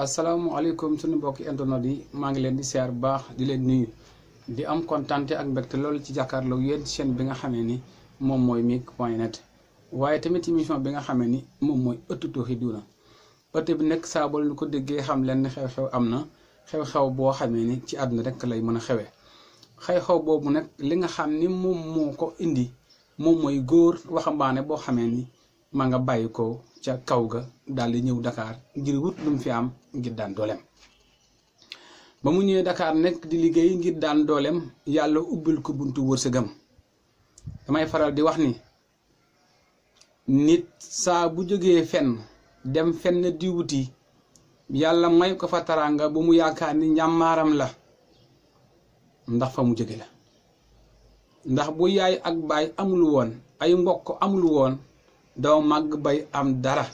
asalaamaaleykum suñu mbokki internet yi maa ngi leen di seer bu baax di leen nuyu di am kontante ak mbégte loolu ci jàkkaarloo yéen chaîne bi nga xamee ni moom mooy mik point net waaye tamit émission bi nga xamee ni moom mooy ëttu Tooxiduuna ëtt bi nekk saa lu ko déggee xam leen xew-xew am na xew-xew boo xamee ni ci àdduna rek lay mën a xewee xew-xew boobu nag li nga xam ni moom moo ko indi moom mooy góor waxambaane boo xamee ni. ma nga bàyyi ko ca kaw ga daal di ñëw Dakar ngir wut lu mu fi am ngir daan dooleem ba mu ñëwee Dakar nekk di liggéey ngir daan yàlla ubbil ko buntu wërsëgam damay faral di wax ni nit saa bu jógee fenn dem fenn di wuti yàlla may ko fa taranga bu mu yaakaar ni njàmmaaram la ndax fa mu jóge la ndax bu yaay ak baay amul woon ay mbokk amul woon doo màgg bay am dara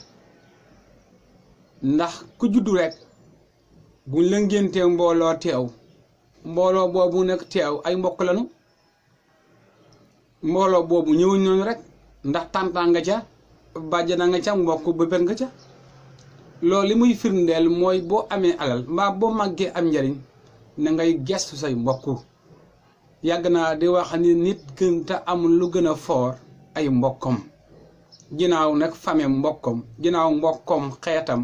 ndax ku juddu rekk bu la mbooloo teew mbooloo boobu nekk teew ay mbokk lanu mbooloo boobu ñëwuñ noonu rekk ndax tàntaanga ca bàjj na nga ca mbokk bëbër nga ca loolu li muy firndeel mooy boo amee alal mbaa boo màggee am njariñ na ngay gestu say mbokk yàgg naa di wax nit gën te amul lu gën a foor ay mbokkam ginnaaw nag famem mbokkoom ginnaaw mbokkoom xeetam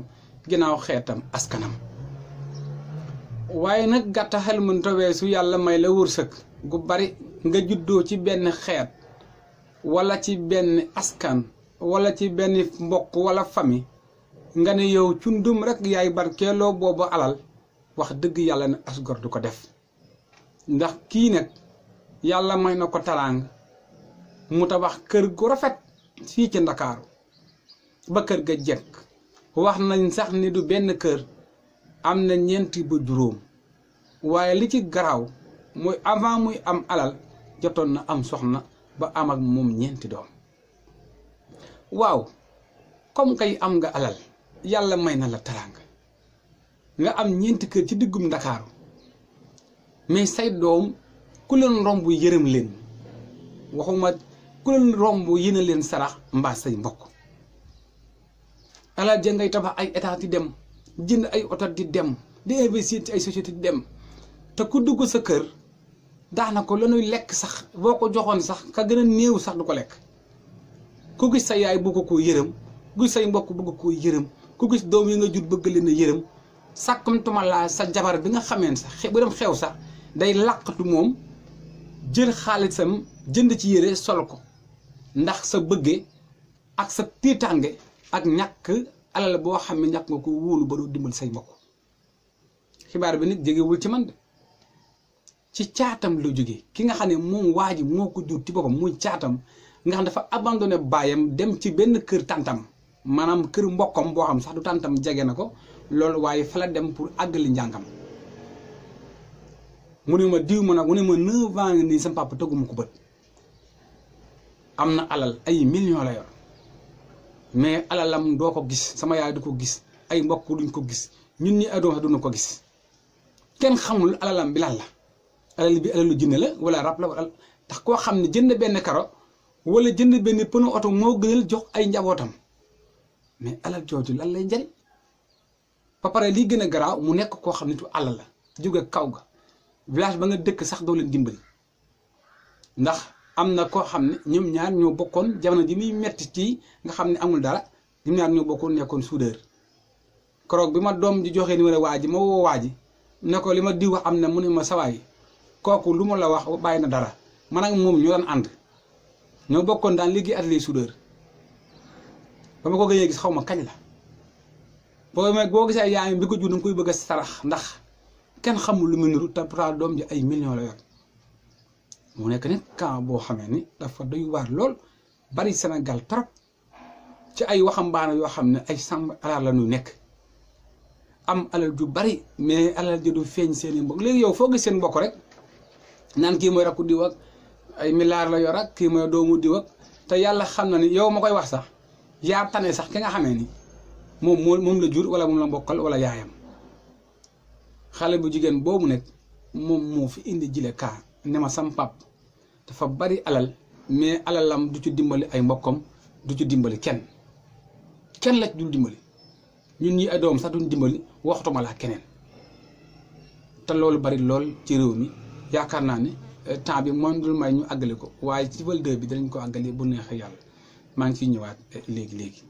ginaaw xeetam askanam waaye nag gàttaxel mënta weesu yàlla may la wërsëg gu bari nga juddoo ci benn xeet wala ci benn askan wala ci benn mbokk walla fami nga ne yow cundum rekk yaay barkeeloo boobu alal wax dëgg yàlla ne asgor du ko def ndax kii nag yàlla may na ko taraang mu tabax kër gu rafet fii ci ndakaaru ba kër ga jekk wax nañ sax ni du benn kër am na ñeenti ba juróom waaye li ci garaaw mooy avant muy am alal jotoon na am soxna ba am ak moom ñeenti doom waaw comme kay am nga alal yàlla may na la teraanga nga am ñeenti kër ci diggum ndakaaru mais say doom ku leen romb yërëm leen waxuma ku leen romb yéene leen sarax mbaa say mbokk alal ja ngay tabax ay état di dem jënd ay oto di dem di investir ci ay société di dem te ku dugg sa kër daanaka la ñuy lekk sax boo ko joxoon sax ka gën a néew sax du ko lekk ku gis sa yaay bëgg koo yërëm ku gis say mbokk bëgg koo yërëm ku gis doom yi nga jur bëgg leen a yërëm sàkkamtuma laa sa jabar bi nga xameen sax bu dem xew sax day làqatu moom jël xaalisam jënd ci yére sol ko ndax sa bëggee ak sa tiitaange ak ñàkk alal boo xam ne ñàkk nga ko wóolu ba doo dimbal say mbokk xibaar bi nit jegewul ci man de ci caatam la jóge ki nga xam ne moom waa ji moo ko jur ci boppam muy caatam nga xam dafa abandonné baayam dem ci benn kër tàntam maanaam kër mbokkam boo xam sax du tàntam jege na ko loolu waaye fa la dem pour àggali njàngam mu ne ma diw ma nag mu ne ma neuf ans nii sama papa tëgguma ko bët am na alal ay millions la yor mais alalam doo ko gis sama yaay du ko gis ay mbokk duñ ko gis ñun ñi ay doom sax duñu ko gis kenn xamul alalam bi lal la alal bi alalu jënd la wala rab la wala ndax koo xam ne jënd benn karo wala jënd benn pneu oto moo gënal jox ay njabootam mais alal jooju lan lay njariñ ba pare lii gën a garaaw mu nekk koo xam ne tu alal la jóge kaw ga village ba nga dëkk sax doo leen dimbali ndax amna ko xamne xam ñaar ñoo bokkon jamono ji muy metti ci nga xamne amul dara ñoom ñaar ñoo bokkon nekkon soudeur krok bima dom di joxe ni wala waji ma wo waji ne ko lima di wax amna na mu ne ma saway koku luma la wax bayina dara man ak mom ñu dan and ñoo dan ligi at soudeur bama ko gis xawma kañ la bo ma boo gis ay yaami bi ko jundum koy bëgg sarax ndax ken xamul lu mu niru ji ay millions la mu nekk nit camp boo xamee ni dafa doy waar lool bari senegal trop ci ay waxambaane yoo xam ne ay sàmm alal la ñu nekk am alal ju bari mais alal di du feeñ seen i mbokk léegi yow foo seen mbokk rek naan kii mooy rakku diw ay milliards la yor ak kii mooy doomu diw te yàlla xam na ni yow ma koy wax sax yaa tane sax ki nga xamee ni moom moo moom la jur wala moom la mbokkal wala yaayam xale bu jigéen boobu nekk moom moo fi indi jile kaar ne ma sam dafa bari alal mais alalam du ci dimbali ay mbokkam du ci dimbali kenn kenn la ci dul dimbali ñun ñi ay doom sax duñ dimbali waxtuma laa keneen te loolu bari lool ci réew mi yaakaar naa ne euh, temps bi moom dul may ñu àggale ko waaye ci vol 2 bi danañ ko àggale bu neexee yàlla maa ngi ciy ñëwaat euh, léegi léegi.